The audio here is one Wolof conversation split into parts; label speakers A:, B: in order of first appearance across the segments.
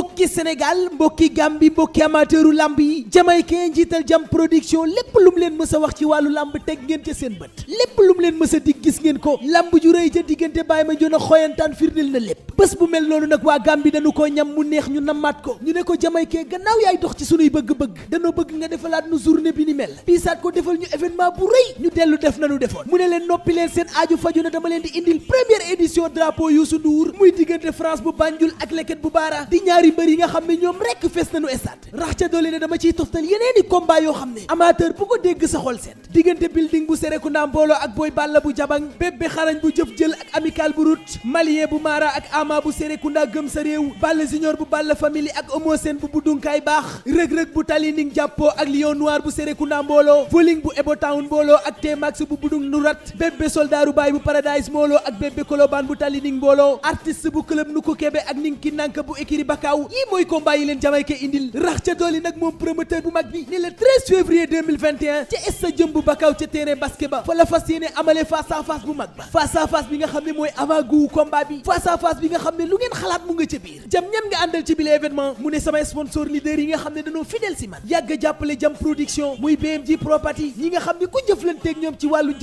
A: mbokki Sénégal mbokki Gambie a bu mel noonu nag waa Gambie dañu koo ñam mu neex ñu namaat ko ñu ne ko jamaykee gannaaw yaay dox ci sunuy bëgg-bëgg danoo bëgg nga defalaat nu journée bi ni mel piisaat ko defal ñu événement bu rëy ñu dellu def nanu defoon mu ne leen noppi leen seen aaju faju na dama leen di indil première édition drapeau Youssou Ndour muy diggante France bu Banjul ak leket bu baara di ñaari ñaari mbër yi nga xam ne ñoom rekk fees nañu stade rax ca doole ne dama ciy toftal yeneeni combat yoo xam ne amateur bu ko dégg sa xol seet diggante building bu Serekunda mbooloo ak Boy Balla bu jabang bébbe xarañ bu jëf jël ak amical bu rut bu maara ak ama bu Serekunda gëm sa réew Balla junior bu Balla family ak Homo Sène bu buddunkaay baax rëg-rëg bu tali ning jàppoo ak lion noir bu Serekunda mbooloo voling bu Ebo Town mbooloo ak T-Max bu budung Ndakaaru yii mooy combat yi leen Jamaïque indil rax ca dooli nag moom promoteur bu mag bi ne le février ca es sa jëmb Bakaaw ca terrain basket fa la fas yéene amalee face à bu mag ba face à bi nga xam ne mooy avant combat bi face à bi nga xam ne lu ngeen xalaat mu nga ca biir jam ñan nga àndal ci bile événement mu ne samay sponsor leader yi nga xam ne dañoo fidèle si man yàgg jàppale jam production muy BMG property yi nga xam ne ku jëflanteeg ñoom ci wàllu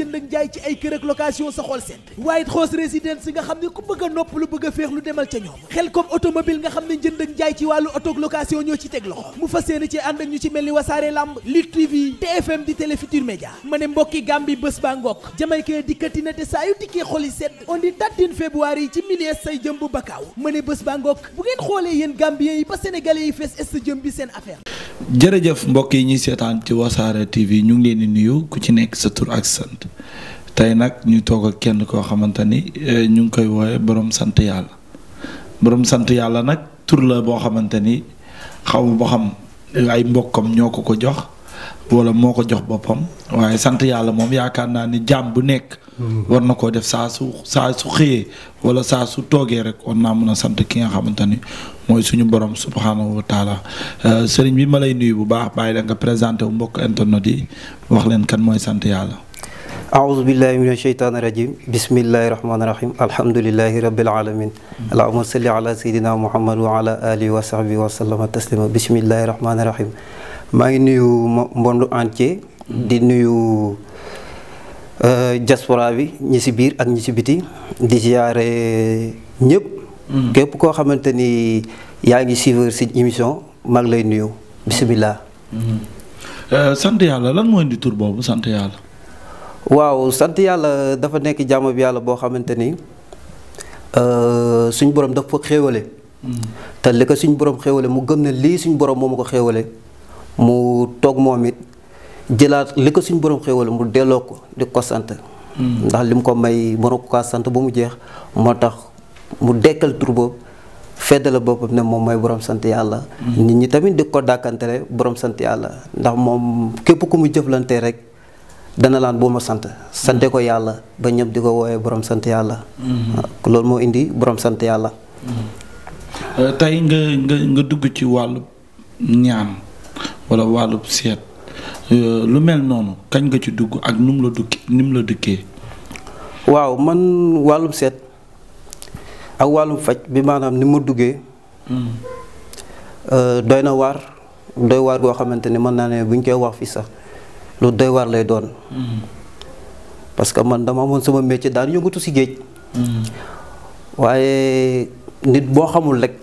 A: jënd ak jaay ci wàllu auto location ñoo ci teg loxo mu fas yéene ci ànd ak ñu ci mel ni wasaare lamb Lutte TV fm di Télé Futurs ma ne mbokki Gàmbi bés ba ngokk jamaykee dikkati na te saa yu dikkee xol yi sedd on di tattin février yi ci milieu say jëm bu bakkaaw ma ne bés ba ngokk bu ngeen xoolee yéen Gambien yi ba Sénégalais yi fees est jëm bi seen affaire
B: jërëjëf mbokk yi ñuy seetaan ci wasaare TV ñu ngi leen di nuyu ku ci nekk sa ak sant tey nag ñu toog kenn koo xamante ni eh, ñu ngi koy wooye boroom sant yàlla borom yàlla nag tour la boo xamante ni xaw ma boo xam ay mbokkam ñoo ko ko jox wala moo ko jox boppam waaye sant yàlla moom yaakaar naa ni jaam bu nekk. Mm-hmm. war na koo def saa su saa su xëyee wala saa su toogee rek war naa mën a sant ki nga xamante ni mooy suñu borom subhaanahu wa taala euh, sëriñ bi ma lay nuyu bu baax bàyyi la nga présenté wu mbokk internet yi wax leen kan mooy sant yàlla.
C: أعوذ بالله من الشيطان الرجيم بسم الله الرحمن الرحيم الحمد لله رب العالمين اللهم صل على سيدنا محمد وعلى آله وصحبه maa ngi nuyu monde entier di nuyu euh, diaspora bi ñi si biir ak ñi si biti di ziare ñëpp mm. képp koo xamante ni yaa ngi suivre si émission maa lay nuyu bisimilah mm-hmm. euh, sant yàlla lan mooy indi tur boobu sant yàlla waaw sant yàlla dafa nekk jàmm bi yàlla boo xamante ni euh, suñu borom daf ko xéewale mm. te li ko suñ borom xéewale mu gëm ne lii suñu borom moo ma ko xéewale mu toog moom it jëlaat li ko suñu borom xéewale mu delloo ko di ko sant mm. ndax li mu ko may mënu ko kaa sant ba mu jeex moo tax mu dekkal tur boobu feddala boppam ne moom mooy borom sant yàlla mm. nit ñi tamit di ko dàkkantele borom sant yàlla ndax moom képp ku mu jëflante rek dana laan boo ma sant sante ko yàlla ba ñëpp di ko woowee boroom sant yàlla. Mm-hmm. Ah, loolu moo indi borom sant yàlla.
D: Mm-hmm.
B: Euh, tey nga nga nga dugg ci wàllu ñaan wala wàllu seet euh, lu mel noonu kañ nga ci dugg ak nu la dukki ni mu la dukkee.
C: waaw man wàllum seet ak wàllum faj bi maanaam ni mu duggee. Mm-hmm. Euh, doy na waar doy waar goo xamante ni mën naa ne buñ koy wax fii sax. lu doy waar lay doon. Mm-hmm. parce que man dama amoon sama métier daan yëngatu si géej. Mm-hmm. waaye nit boo xamul rek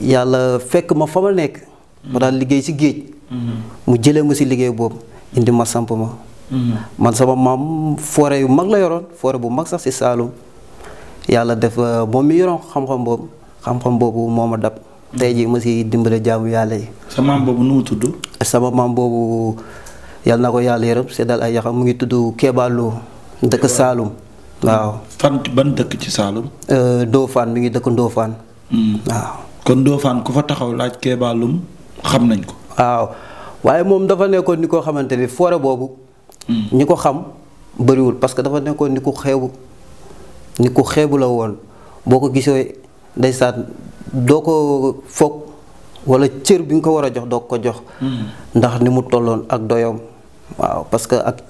C: yàlla fekk ma fa ma nekk. ma daan liggéey si géej. Mm-hmm. mu jëlee ma si liggéey boobu indi ma samp ma. man sama maam foore yu mag la yoroon foore bu mag sax si Saalum yàlla def euh, moom mi yoroon xam-xam boobu xam-xam boobu moo ma dab. tey jii ma si dimbale jaamu yàlla yi. sa maam boobu nu mu tudd. sama maam boobu. yàlla na ko yàlla yërëm seddal ay yaxam mu ngi tudd Kéba Lo dëkk Saalum waaw. fan ban dëkk ci Saalum. Ndofane euh, mi ngi dëkk Ndofane.
D: Hmm. waaw
C: kon Ndofane ku fa taxaw laaj Kéba xam nañ ko. waaw waaye moom dafa nekkoon ni koo xamante ni forêt boobu. Hmm. ñi ko xam bëriwul parce que dafa nekkoon ni ku xeebu ni ku xeebu la woon boo ko gisee day ndeysaan doo ko foog walla cër bi nga ko war a jox doo ko jox. Hmm. ndax ni mu tolloon ak doyoom. waaw parce que ak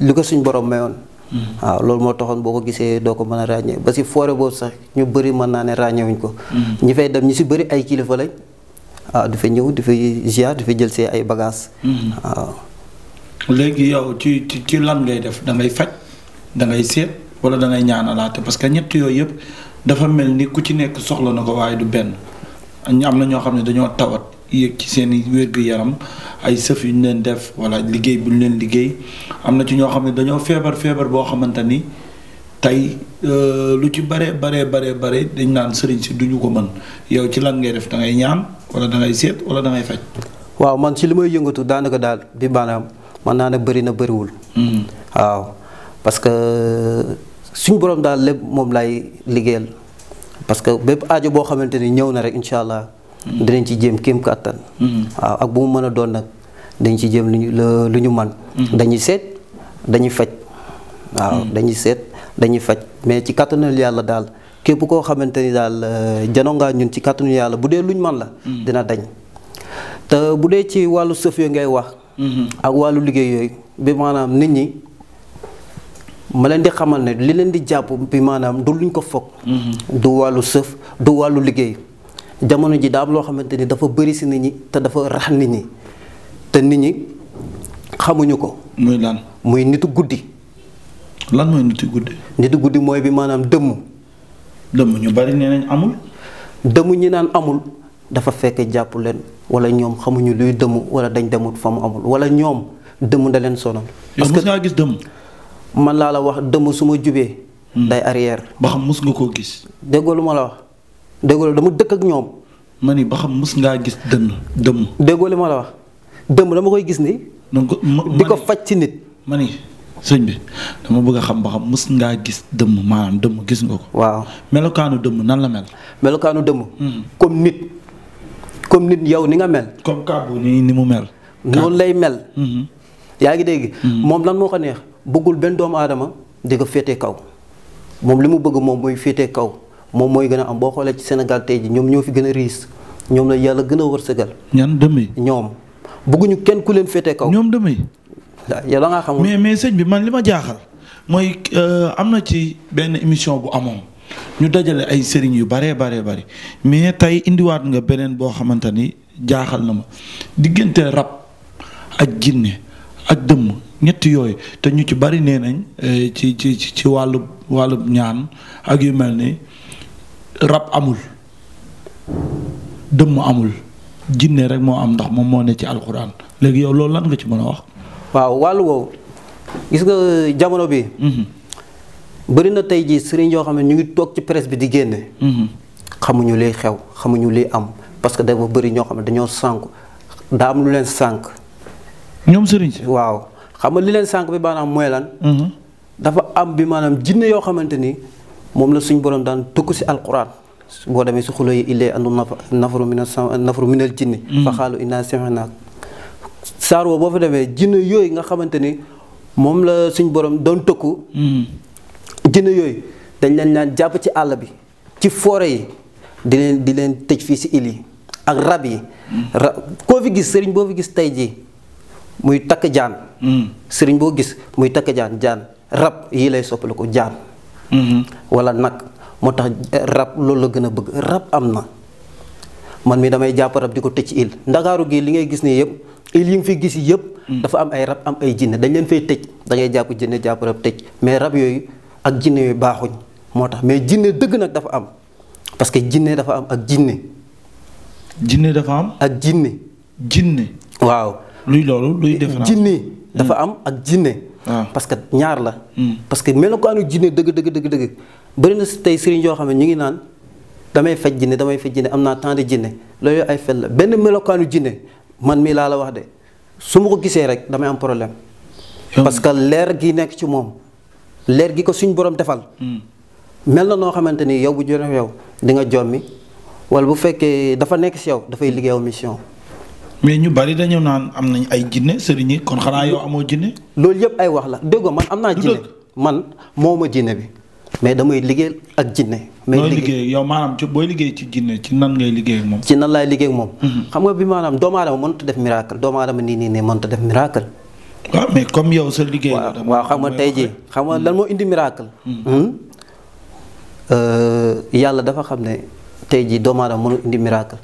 C: li ko suñ borom mayoon. Hmm. waaw loolu moo taxoon boo ko gisee doo ko mën a ràññee ba si foore boobu sax ñu bëri mën naa ne ràññewuñ ko. Hmm. ñu fay dem ñu si bëri ay kilifa lañ. waaw dafa ñëw du fa ziar jël see ay bagages. Hmm.
B: léegi yow ci lan ngay def da ngay faj da seet wala dangay ngay ñaanalaate parce que ñett yooyu yëpp dafa mel ni ku ci nekk soxla na ko waaye du benn ñu am na ñoo xam ne dañoo tawat. yëg ci seen i wér-gu-yaram ay sëf yu ñu leen def wala liggéey bu ñu leen liggéey am na ci ñoo xam ne dañoo feebar feebar boo xamante ni tey euh, lu ci bare bare bare bare dañ naan sëriñ si duñu ko man yow ci lan ngay def da ngay ñaan wala da seet wala da faj.
C: waaw man ci li may yëngatu daanaka daal bi maanaam man naa ne bari na bëriwul. Hmm. waaw parce que euh, suñu borom daal lépp moom lay liggéeyal parce que bépp ajo boo xamante ni ñëw na rek incha allah. Mm. dinañ ci jéem kéem kàttan mm. waaw ak bu mu mën a doon nag dañ ci jéem lu ñu lu ñu man mm-hmm. dañuy seet dañuy faj waaw mm. dañuy seet dañuy faj mais ci kàttanal yàlla daal képp koo xamante ni daal euh, jano ngaa ñun ci kàttanu yàlla bu dee luñ man la dina dañ te bu dee ci wàllu sëf yooyu ngay wax mm-hmm. ak wàllu liggéey yooyu bi maanaam nit ñi ma leen di xamal ne li leen di jàpp bi maanaam du luñ ko foog mm-hmm. du wàllu sëf du wàllu liggéey jamono ji daa am loo xamante ni dafa bëri si nit ñi te dafa rax nit ñi te nit ñi xamuñu ko. muy lan muy nitu guddi. lan mooy nitu guddi. nitu guddi mooy bi maanaam dëmm. dëmm ñu bari nee nañ amul. dëmm naan amul dafa fekk jàpp leen wala ñoom xamuñu luy dëmm wala dañ demut fa mu amul wala ñoom dëmm da leen sonal. parce que ngaa gis dëmm. man laa la wax dëmm su ma jubee. nday hmm. arrière. ba xam mos nga koo gis. déggoo lu ma la wax. déggoo dama dëkk ak ñoom. ma ni ba xam mës ngaa gis dënn dëmm. déggoo li ma la wax dëmm dama koy gis ni. donc
B: di ko faj ci nit. ma ni sëñ bi dama bëgg a xam ba xam mës ngaa gis dëmm maanaam dëmm gis nga ko. waaw melokaanu dëmm nan la mel. melokaanu dëmm. Hmm. comme nit
C: comme nit yow ni nga mel. comme kàbbu ni ni mu mel. noonu lay mel. Hmm. yaa ngi dégg. Hmm. moom lan moo ko neex bëggul benn doomu aadama di ko féete kaw moom li mu bëgg moom mooy féete kaw. moom mooy gën a am boo xoolee ci Sénégal tey ji ñoom ñoo fi gën a riis ñoom la yàlla gën a wërsëgal. ñan dëmm yi ñoom bëgguñu kenn ku leen ñoom dëmm yi. yow da mais mais bi man li ma jaaxal mooy euh, am na ci
B: benn émission bu amoon ñu dajale ay sëriñ yu baree baree bari mais tey indiwaat nga beneen boo xamante ni jaaxal na diggante rab ak jinne ak dëmm ñett yooyu te ñu ci bari nee nañ euh, ci ci ci wàllu wàllu ñaan ak yu mel ni rab amul dëmm amul jinne rek moo am ndax moom moo ne ci alxuraan léegi yow loolu lan nga ci mën a wax.
C: waaw wàllu woo gis nga jamono bi. Mhm. bëri na tey jii sëriñ yoo xam ne ñu ngi toog ci presse bi di génne. Mhm. xamuñu liy xew xamuñu liy am parce que dafa bari ñoo xam ne dañoo sànq daa am lu leen sànq. ñoom sëriñ si waaw xam nga li leen sànq bi maanaam mooy lan. Mhm. dafa am bi maanaam jinne yoo xamante ni. moom la suñ borom daan tukk si alquran boo demee si xulo yi illee andu nafaru min nafaru minal jinni mm. fa xaalu inna sami'na saar woo boo fa demee jinne yooyu nga xamante ni moom la suñ borom doon tëkk mm. jinne yooyu dañ leen naan jàpp ci àll bi ci foore yi di leen di leen tëj fii si île yi ak rab yi mm. rab koo fi gis sëriñ boo fi gis tey jii muy takk jaan sëriñ boo gis muy takk jaan jaan rab yii lay soppali ko jaan Mm-hmm. wala nag moo tax eh, rab loolu la gën a bëgg rab am na man mi damay jàpp rab di ko tëj il ndakaaru gi li ngay gis nii yëpp il yi nga fi gis yëpp mm. dafa am ay rab am ay jinne dañ leen fay tëj da jàpp jinne jàpp rab mais rab yooyu ak jinne yooyu baaxuñ moo tax mais jinne dëgg nag dafa am parce que jinne dafa am ak jinne jinne dafa am ak jinne jinne waaw luy loolu luy def jinne dafa mm. am ak jinne Ah. parce que ñaar la. Hmm. parce que melokaanu jinne dëgg dëgg dëgg dëgg bëri na tey sëriñ yoo xam ne ñu ngi naan damay faj jinne damay faj jinne am naa temps de jinne loolu ay fel la benn melokaanu jinne man mii laa la wax de su ma ko gisee rek damay am problème. parce que leer gi nekk ci moom leer gi ko suñ borom defal. Hmm. mel na noo xamante ni yow bu jëlee yow di nga jommi wala bu fekkee dafa nekk si yow dafay liggéeyaw mission. mais ñu bari dañu naan am nañ ay jinne sëriñ yi kon xanaa yow amoo jinne loolu yëpp ay wax la déggoo man am naa jinne man moo ma jinne bi mais damay liggéey ak jinne mais liggéey yow maanaam booy liggéey ci jinne ci nan liggéey ci nan laay liggéey moom mhm. xam nga bi maanaam doomu aadama def miracle doomu nii nii nii mënut a mais comme yow sa liggéey waaw xam nga tey jii xam nga lan moo indi miracle mhm. hmm? euh, yàlla dafa xam ne tey jii doomu aadama mënul indi miracle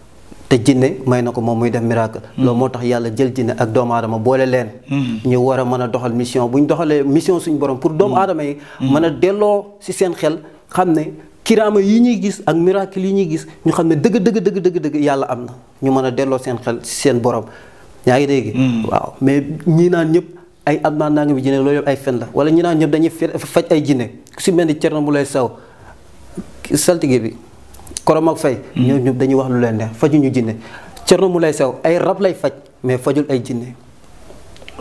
C: te jinne may na ko moom muy def miracle mm-hmm. loolu moo tax yàlla jël jinne ak doomu aadama boole leen mm-hmm. ñu war a mën a doxal mission bu ñu doxalee mission suñu borom pour doomu mm-hmm. aadama yi mën a delloo si seen xel xam ne kiraama yi ñuy gis ak miracle yi ñu gis ñu xam ne dëgg dëgg dëgg dëgg dëgg yàlla am na ñu mën a delloo seen xel si seen borom yaa ngi dégg waaw mais ñii naan ñëpp ay am naa nangami jinne loolu yëpp ay fen la wala ñi naan ñëpp dañuy faj ay jinne su mel ni Cerno Mulay Saw korom ak fay. Mm. ñoo ñëpp dañuy wax lu leen neex fajuñu ñu jinne Thierno lay sew ay rab lay faj mais fajul ay jinne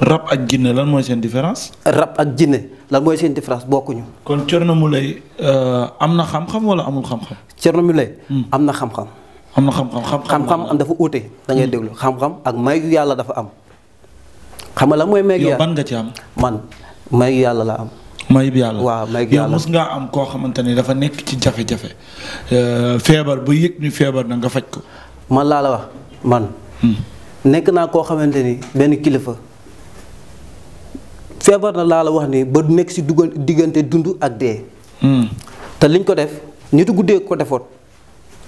C: rab ak jinne lan mooy seen différence. rab ak jinne lan mooy seen différence bokkuñu. kon Thierno Moulay
B: euh, am na xam-xam wala amul xam-xam.
C: Thierno Moulay. Mm. am na xam-xam. am na xam-xam xam am dafa uute. da mm. déglu xam-xam ak mayu yàlla dafa am. xam nga lan mooy mayu yàlla yow ban yàlla la am. mayib yàlla waaw mayib yàlla yow mos
B: ngaa am koo xamante ni dafa nekk ci jafe-jafe euh, feebar ba yëg ni feebar na nga faj ko.
C: man laa la wax man. Hmm. nekk naa koo xamante ni benn kilifa feebar na laa la wax ni ba nekk si dugal diggante dund ak dee. Hmm. te liñ ko def nit guddee ko defoot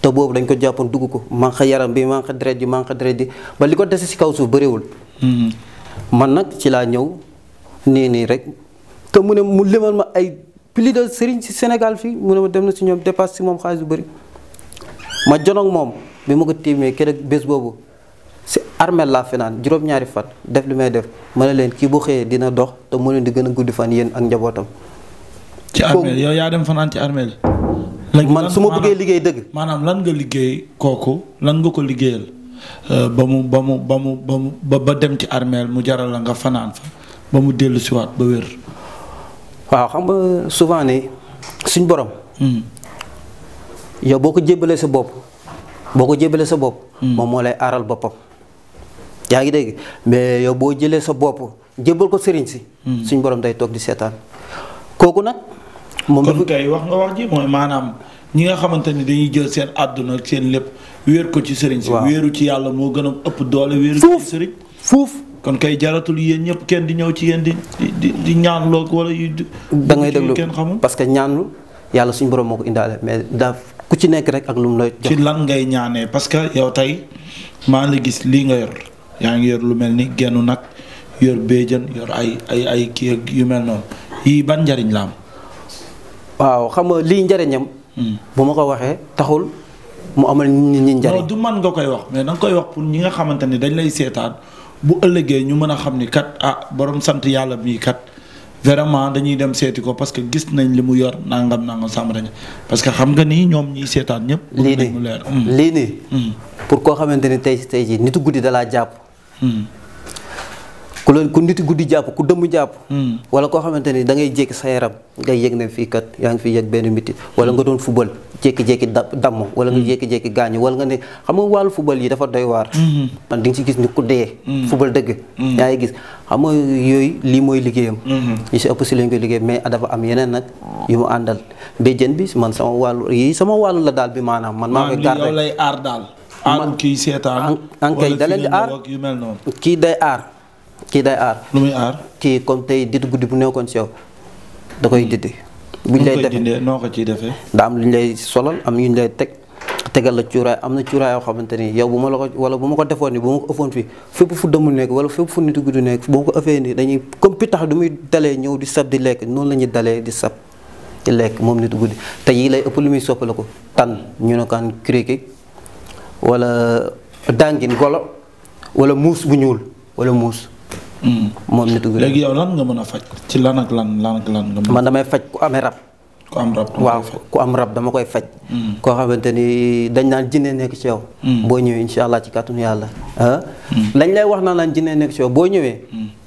C: te boobu dañ ko jàppoon dugg ko manque yaram bi manque deret ji manque deret ji ba li ko dese si kaw suuf bëriwul. Hmm. man nag ci laa ñëw nii nii rek. te mu ne mu limal ma ay plus de sëriñ si Sénégal fii mu ne ma dem na si ñoom dépasse si moom xaalis yu bari ma jonoog moom bi ma ko tiimee keroog bés boobu si armel laa fi naan juróom-ñaari fan def lu may def ma ne leen kii bu xëyee dina dox te mu leen di gën a guddi fan yéen ak njabootam.
B: ci armel yow yaa dem fanaan ci armel
C: man su ma bëggee liggéey dëgg.
B: maanaam lan nga liggéey kooku lan ko liggéeyal euh, ba mu ba mu ba mu ba mu ba dem ci armel mu jaral la nga fanaan fa ba mu dellu siwaat ba wér.
C: waaw xam nga souvent ne suñ borom. Hmm. yow boo ko jébbalee sa bopp boo ko jébbalee sa bopp. Hmm. moom moo lay aaral boppam. yaa ngi dégg mais yow boo jëlee sa bopp jébbal ko sëriñ si. Hmm. suñ borom day toog di seetaan kooku nag. moom kon wax
B: nga wax ji mooy maanaam ñi nga xamante ni dañuy jël seen àdduna seen lépp wéer ko ci sëriñ si. waaw ci yàlla moo gën a ëpp doole. wéeru ci sëriñ fuuf kon kay jaratul yéen ñëpp kenn
C: di ñëw ci yéen di di di ñaanloo wala yu. da ngay déglu kenn xamul parce que ñaanlu yàlla suñ borom moo ko indaale mais daaf ku ci nekk rek ak lu mu lay. ci lan ngay ñaanee parce que yow
B: tey maa ngi gis lii nga yor yaa ngi yor lu mel ni gennu nag yor béjjën yor ay ay ay kii ak yu mel noonu yii ban njariñ laam waaw xam nga lii njariñam. Hmm. bu ma ko waxee taxul
C: mu amal nit ñi
B: njariñ. non du man nga koy wax mais da koy wax pour ñi nga xamante ni dañ lay seetaan. bu ëllëgee ñu mën a xam ni kat ah borom sant yàlla mii kat vraiment dañuy dem seeti ko parce que gis nañ li mu yor nangam nangam
C: sàmm parce que xam nga nii ñoom ñiy seetaan ñëpp. lii nii hmm. lii nii. Hmm. pour koo xamante ni tey tey jii nitu guddi dalaa jàpp. Hmm. ku loolu ku nit guddi jàpp ku dëmm jàpp. Hmm. wala koo xamante ni da ngay jékki sa yaram nga yëg ne fii kat yaa ngi fi yëg benn miti wala nga doon football jékki-jékki damm wala nga hmm. jékki-jékki gaañu wala nga ne xam nga wàllu football yi dafa doy waar. Hmm. man di nga ci gis ni ku dee. football dëgg. yaa ngi gis xam nga yooyu lii mooy liggéeyam. yi si ëpp si lañ koy liggéey mais dafa am yeneen nag yu mu àndal béjjën bi man sama wàllu yi sama wàllu la daal bi maanaam man. kii day aar. lu kii comme tey ditu guddi bu nekkoon si da koy didi. buñ lay defee noo ko ciy defee. daa am lu ñu lay solal am yu ñu lay teg tegal la cuuraay am na cuuraay yoo xamante ni yow bu ma la ko wala bu ma ko defoon ni bu ma ko ëffoon fii fépp fu dëmul nekk wala fépp fu nitu guddi nekk bu ma ko ëffee nii dañuy comme pitax du muy dalee ñëw di sab di lekk noonu la ñuy dalee di sab di lekk moom nit guddi te yii lay ëpp lu muy soppala ko tànn ñu ne kaan criquet wala dàngin wala muus bu ñuul wala muus Hmm. moom nitu gëlëm léegi yow lan nga mën a faj ci lan ak lan lan lan man damay faj ku amee rab. ku am rab waaw ku am rab dama koy faj. Hmm. koo xamante ni dañ naan jinne nekk ci yow. Hmm. boo ñëwee incha allah ci kàttanu yàlla. lañ lay wax naan jinne nekk ci yow boo ñëwee.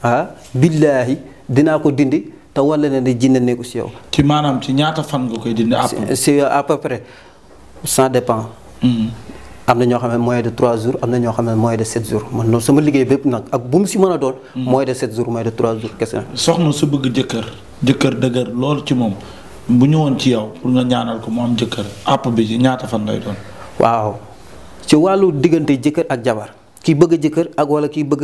C: ah billaahi dinaa ko dindi. te wala na ne jinne nekku si yow.
B: ci maanaam ci ñaata fan nga koy dindi. à
C: peu près à peu près am na ñoo xam ne moyen de 3 jours am na ñoo xam ne moyen de 7 jours man noonu sama liggéey bépp nag ak bu mu si mën a doon. Hmm. moyen de 7 jours moyen de 3 jours kese. soxna su bëgg jëkkër jëkkër dëgër loolu ci moom bu ñëwoon ci yow
B: pour nga ñaanal ko mu am jëkkër àpp bi ñaata fan lay doon. waaw ci wàllu diggante
C: jëkkër ak jabar kii bëgg jëkkër ak wala kii bëgg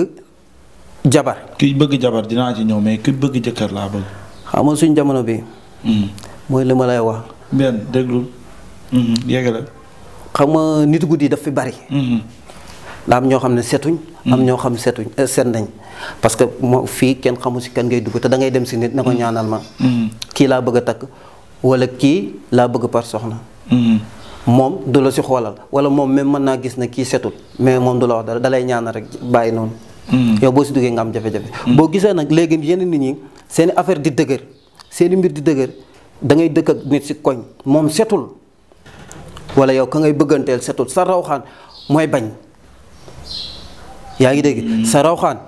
C: jabar. kii bëgg jabar dinaa ci ñëw mais ki bëgg jëkkër laa bëgg. xam nga suñ jamono bi. Hmm. mooy li ma lay wax. benn déglu. Hmm, xam nga nit guddi daf fi bari. Mm-hmm. daa am ñoo xam ne setuñ. am mm-hmm. ñoo xam setuñ eh, set nañ parce que moo fii kenn xamu si kan ngay dugg te da ngay dem si nit na ko mm-hmm. ñaanal ma. kii laa bëgg a takk wala kii laa bëgg par soxna. moom du la si xoolal wala moom même mën naa gis ne kii setul mais moom du la wax dara dalay ñaana rek bàyyi noonu. yow boo si duggee nga am jafe-jafe. boo gisee nag léegi yenn nit ñi seen affaire di dëgër seeni mbir di dëgër da ngay dëkk ak nit si koñ moom setul. wala yow ka ngay bëgganteel setul sa rawxaan mooy bañ yaa ngi dégg mm-hmm. sa rawxaan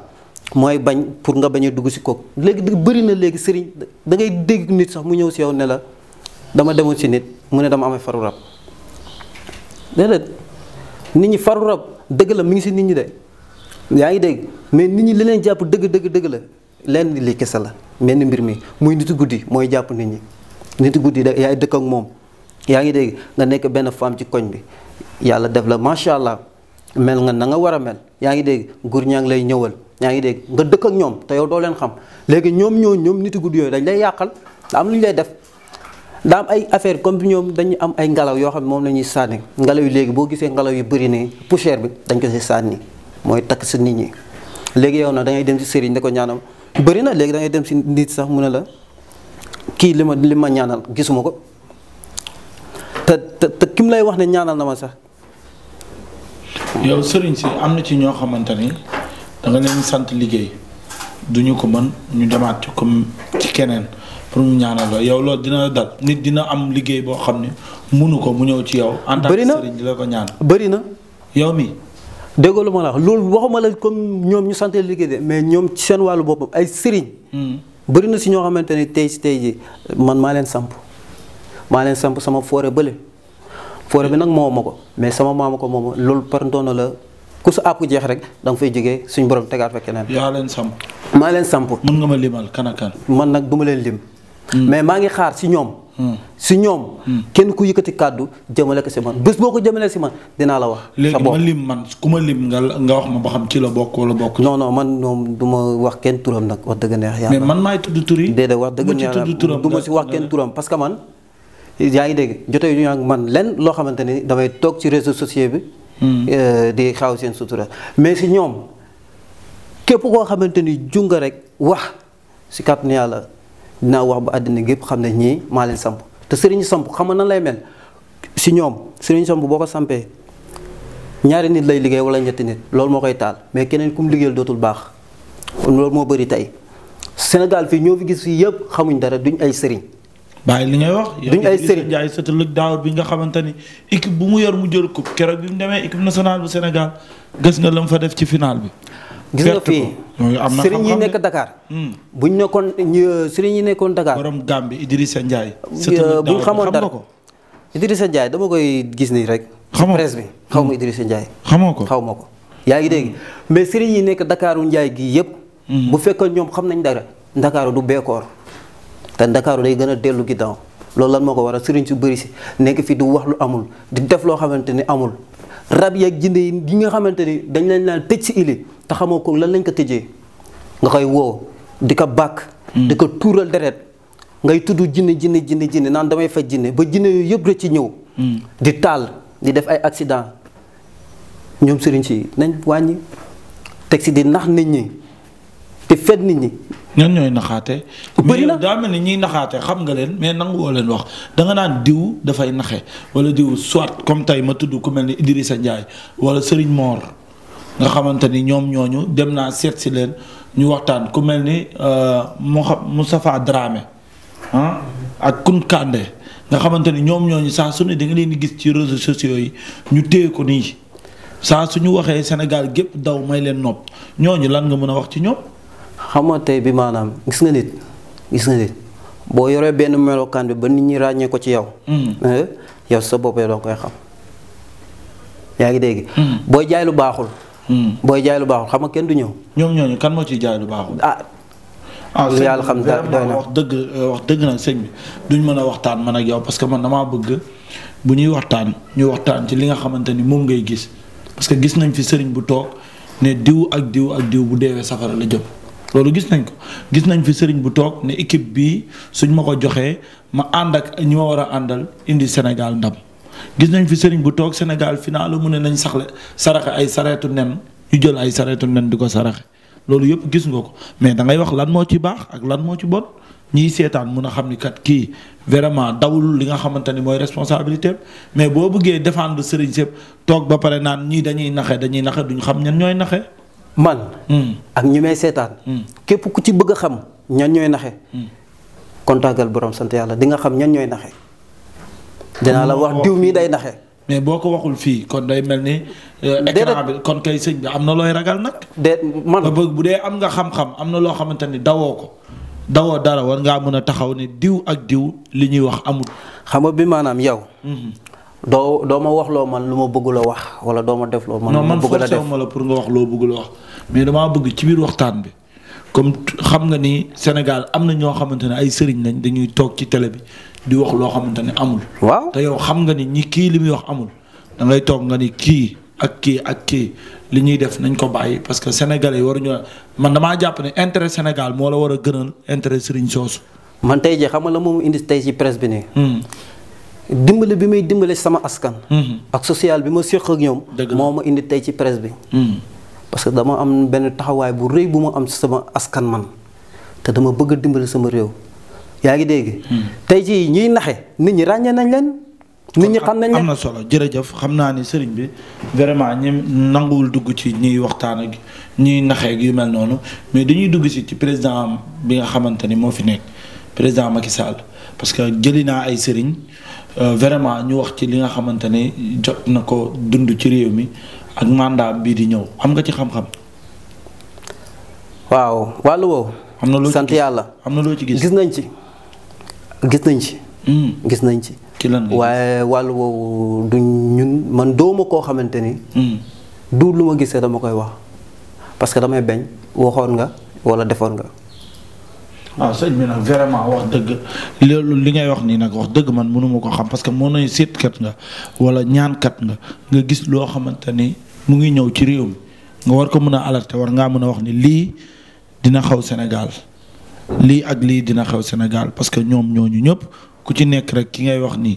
C: mooy bañ pour nga bañ a dugg si kooku léegi bëri na léegi sëriñ dangay dégg nit sax mu ñëw si yow ne la dama demoon si nit mu ne dama amee faru rab déedéet nit ñi faru dëgg la mi ngi si nit ñi de yaa ngi dégg mais nit ñi li leen jàpp dëgg dëgg dëgg la lenn li kese la mel ni mbir mi muy nitu guddi mooy jàpp nit ñi nit guddi yaay dëkk ak moom yaa ngi dégg nga nekk benn femme ci koñ bi yàlla def la macha allah mel nga na nga war a mel yaa ngi dégg gur ñaa ngi lay ñëwal yaa ngi dégg nga dëkk ak ñoom te yow doo leen xam léegi ñoom ñoo ñoom niti gudd yooyu dañ lay yàqal da am lu ñu lay def daa am ay affaire comme ñoom dañu am ay ngelaw yoo xam ne moom la ñuy sànni ngelaw yi léegi boo gisee ngelaw yi bari ne poussière bi dañ ko si sànni mooy takk si nit ñi léegi yow na da dem si sëriñ ne na léegi da dem si nit sax mu ne la kii li ma li ma ñaanal gisuma ko te te te kim lay wax ne ñaanal na ma sax.
B: yow sëriñ si am na ci ñoo xamante ni danga nga leen sant liggéey du ñu ko mën ñu demaat ci ci keneen pour ñu ñaanal la yow loolu dina dal nit dina am liggéey
C: boo xam ne munu ko mu ñëw ci yow. en tant que sëriñ di ko ñaan bëri na yow mi déggoo lu ma la wax loolu waxuma la comme ñoom ñu sant liggéey de mais ñoom ci seen wàllu boppam ay sëriñ. Hmm. bëri na si ñoo xamante ni tey si tey ji man maa leen samp. maa leen samp sama forêt bële forêt bi nag moo ma ko mais sama maama ko moom loolu par ndono la ku su àpp jeex rek da nga fay jógee suñu borom tegaat fa keneen. yaa leen samp. maa leen samp. mën ma limal kan man nag du ma leen lim. Hmm. mais maa ngi xaar si ñoom. Hmm. si ñoom. Hmm. kenn ku yëkkati kàddu jëmale ko si man bés boo ko jëmalee si man dinaa la wax. sa bopp léegi ma man ku ma lim nga nga wax ma ba xam ci bokk wala bokk. non non man moom du ma wax kenn turam nag wax dëgg neex yàlla. mais man maay tudd tur yi. déedéet wax dëgg neex du ma si wax parce que man. yaa ngi dégg jote yu ñu ak man lenn loo xamante ni damay toog ci réseaux sociaux bi. Hmm. Euh, di xaw seen sutura mais si ñoom képp koo xamante ni junga rek wax si kàttanu yàlla dinaa wax ba àddina gépp xam ne ñii maa leen samp te sëriñ samp xam nga lay mel si ñoom sëriñ samp boo ko sampee ñaari nit lay liggéey wala ñetti nit loolu moo koy taal mais keneen ku mu liggéeyal dootul baax loolu moo bari tey Sénégal fii ñoo fi gis fii yëpp xamuñ dara duñ ay sëriñ. bàyyi li ngay wax. duñ ay sëriñ
B: yow sa Luc Daour bi nga xamante ni équipe bu mu yor mu jël coupe keroog bi mu demee équipe nationale bu Sénégal gis nga la mu fa def ci final bi.
C: gis nga fii sëriñ yi nekk Dakar. Hmm. buñ nekkoon sëriñ yi nekkoon Dakar. borom Gambie Idrissa Ndiaye. Euh, buñ xamoon dara Idrissa Ndiaye dama koy gis nii rek. xamoo presse bi xaw ma Idrissa Ndiaye. xamoo ko xaw ma ko. yaa ngi dégg hmm. mais sëriñ yi nekk Dakaru Ndiaye gi yëpp. Hmm. bu fekkoon ñoom xam nañ dara Dakaru du beekoor te Ndakaaru day gën a dellu ginnaaw loolu lan moo ko war a sëriñ su bëri si nekk fii di wax lu amul di def loo xamante ni amul rab yeeg jinde yi nga xamante ni dañ leen naan tëj si ili te xamoo ko lan lañ ko tëjee nga koy woo di ko bàkk di ko tuural deret ngay tudd jinne jinne jinne jinne naan damay faj jinne ba jinne yooyu yëpp rek ci ñëw di taal di def ay accident ñoom sëriñ si nañ wàññi teg si di nax nit ñi di fet nit ñi
B: ñan ñooy naxaate. bëri na daa mel ni ñiy naxaate xam nga leen mais nangu woo leen wax da nga naan diw dafay naxe wala diw soit comme tey ma tudd ku mel ni Idrissa Ndiaye wala Serigne Mor nga xamante ni ñoom ñooñu dem naa seet si leen ñu waxtaan ku mel ni euh, Moustapha Dramé ah ak Kunkande nga xamante ni ñoom ñooñu saa su ne da nga leen di gis ci réseau sociaux yi ñu téye ko nii saa su ñu waxee Sénégal gépp daw may leen nopp ñooñu lan nga mën a wax ci ñoom.
C: xam nga tey bi maanaam gis nga nit gis nga nit boo yoree benn melokaan bi ba nit ñi ràññee ko ci yow. Hmm. Eh? yow sa bopp yow doo koy xam. yaa ngi dégg. Hmm. booy jaay lu baaxul. Hmm. booy jaay lu baaxul xam nga kenn du ñëw. ñoom ñooñu kan moo ciy jaay lu baaxul. ah. ah yàlla xam doy na
B: wax dëgg euh, wax dëgg nag sëñ duñ mën a waxtaan man ak yow parce que man damaa bëgg bu ñuy waxtaan ñu waxtaan ci li nga xamante ni moom ngay gis parce que gis nañ fi sëriñ bu toog ne diw ak diw ak diw bu deewee safara la jëm. loolu gis nañ ko gis nañ fi sëriñ bu toog ne équipe bi suñ ma ko joxee ma ànd ak ñoo war a àndal indi Sénégal ndam gis nañ fi sëriñ bu toog Sénégal finaalu mu ne nañ saxle saraxe ay sareetu nen ñu jël ay sareetu nen di ko saraxe loolu yëpp gis nga ko mais da ngay wax lan moo ci baax ak lan moo ci bon ñiy seetaan mun a xam ni kat kii vraiment dawul li nga xamante ni mooy responsabilité mais boo bëggee défendre sëriñ sépp toog ba pare naan ñii dañuy naxe
C: dañuy naxe duñ xam ñan ñooy naxe man. Hmm. ak ñi may seetaan. Hmm. képp ku ci bëgg xam ñan ñooy naxe. Hmm. kontaagal borom sant yàlla di nga xam ñan ñooy naxe. dinaa la wax diw mii day naxe. mais boo ko waxul fii kon day mel ni. Euh, écran
B: bi kon kay sëñ bi am na looy ragal nag. de man bu dee am nga xam-xam am na loo xamante ni dawoo
C: ko. dawoo dara war ngaa mën a taxaw ne diw ak diw li ñuy wax amul. xam nga bi maanaam yow. doo doo ma wax loo man lu ma bëgg la wax wala doo ma def loo man. ma bëgg la def non man forcé ma la pour nga wax loo bëgg la wax mais damaa bëgg ci biir waxtaan bi comme xam nga
B: ni Sénégal am na ñoo xamante ne ay sëriñ lañ dañuy toog ci télé bi di wax loo xamante ne amul. waaw te yow xam nga ni ñi kii li muy wax amul da toog nga ni kii ak kii ak kii li ñuy def nañ ko bàyyi parce que sénégalais waruñu man damaa jàpp ne intérêt Sénégal moo la war
C: a gënal intérêt sëriñ soosu. man tey jii xam nga la moom indi tey ci presse bi dimbale bi may dimbale sama askan. Mhm. ak social bi ma séq ak ñoom. moo ma indi tey ci presse bi. Mhm. parce que dama am benn taxawaay bu rëy bu ma am sama askan man te dama bëgg a dimbale sama réew. yaa ngi dégg. Mhm. tey jii ñiy naxe nit ñi ràññee nañ leen. nit ñi xam nañ leen am na solo jërëjëf xam naa ni sëriñ bi vraiment ñi
B: nanguwul dugg ci ñuy waxtaan ak ñuy naxeeg yu mel noonu mais dañuy dugg si ci président bi nga xamante ni moo fi nekk président Macky Sall parce que jëli naa ay sëriñ. Euh, vraiment ñu wax ci li nga xamante ne jot na ko dund ci réew mi ak mandat
C: bii di ñëw am nga ci xam-xam. waaw wàllu woowu. am na loo sant yàlla. am na loo ci gis gis nañ ci. gis nañ ci. Hmm. gis nañ ci. ci lan waaye wàll woowu du ñun man dooma koo xamante ni. Hmm. du lu ma gisee dama koy wax parce que damay bañ waxoon nga walla defoon nga.
B: waaw ah, sëñ bi nag vraiment wax dëgg loolu li ngay wax nii nag wax dëgg man mënuma ko xam parce que moo nay seetkat nga wala ñaankat nga nga gis loo xamante ni mu ngi ñëw ci réew mi nga war ko mën a alerter war ngaa mën a wax ni lii dina xaw Sénégal lii ak lii dina xaw Sénégal parce que ñoom ñooñu ñëpp ku ci nekk rek ki ngay wax nii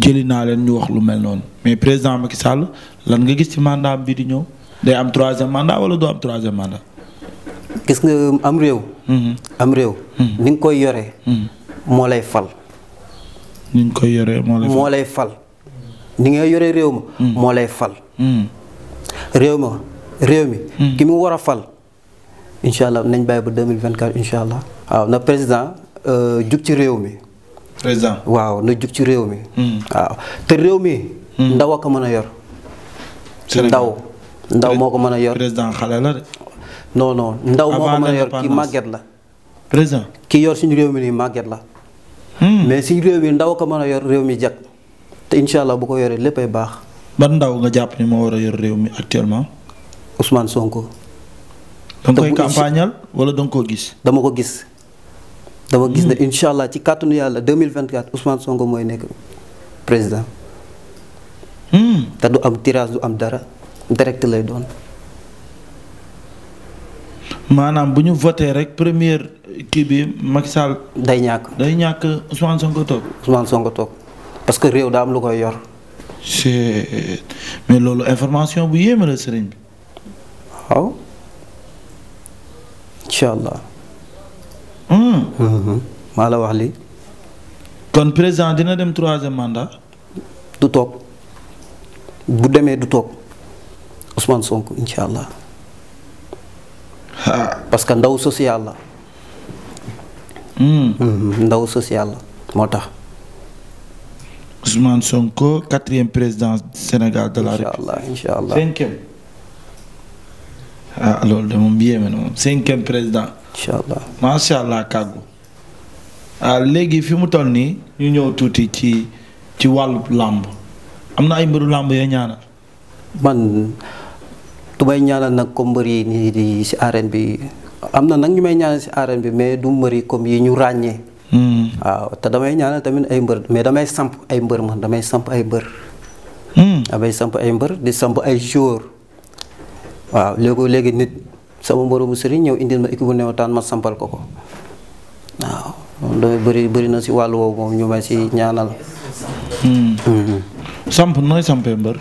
B: jëli naa leen ñu wax lu mel noonu mais président Macky Sall lan nga gis ci mandat bi di ñëw
C: day am troisième mandat wala doo am gis nga am réew. Mhm. am réew. Mhm. ni nga koy yore. Mhm. moo lay fal.
B: ni nga koy yore moo
C: lay ni nga yore réew ma. moo lay fal. réew ma mi. ki mu war a fal. incha allah nañ bàyyi ba deux mille vingt quatre incha allah. waaw na président euh, jug ci réew mi. waaw na jug ci réew mi. te réew mi. ndaw a ko a yor. ndaw ndaw moo ko mën a yor xale la de. non non ndaw moo mën a yor ki màgget la. président ki yor suñu réew mi nii màgget la. Hmm. mais suñu réew mi ndaw ko mën a yor réew mi jag te incha allah bu ko yoree lépp ay baax.
B: ban ndaw nga jàpp ni moo war a yor réew mi actuellement.
C: Ousmane Sonko. da nga koy campagnal wala da nga koo gis. dama ko gis. dama gis ne hmm. incha allah ci kàttanu yàlla 2024 Ousmane Sonko mooy nekk président. Hmm. te du am tirage du am dara direct lay doon. maanaam bu ñu voté rek première kii bi Macky Sall. day ñàkk day ñàkk Ousmane Sonko toog. Ousmane Sonko toog parce que réew daa am lu koy yor.
B: mais loolu information bu yéeme la sëriñ bi. waaw. incha allah.
C: Hmm. Mhm. maa la wax lii. kon président dina dem troisième mandat. du toog bu demee du toog Ousmane Sonko incha allah. parce que ndaw social la. Hmm. Hmm, ndaw social la moo tax.
B: Ousmane Sonko quatrième président Sénégal de la. République incha allah ah loolu de moom yéeme na moom président. incha allah macha allah kàggu. ah léegi fi mu toll nii ñu ñëw tuuti ci ci wàllu làmb am na ay mbiru làmb yoo ñaanal.
C: du may ñaanal nag comme mbër yi nii di si arène bi am na nag ñu may ñaanal si arène bi mais du mbëri comme yi ñu ràññee. Hmm. waaw te damay ñaanal tamit ay mbër mais damay samp ay mbër man damay samp ay mbër. Hmm. samp ay mbër di samp ay joueur waaw léegoo léegi nit sama mboromu sëriñ ñëw indil ma ma sampal ko ko waaw damay bëri bëri na si wàllu woowu moom ñu may si ñaanal. Hmm.
B: samp nooy sampee mbër.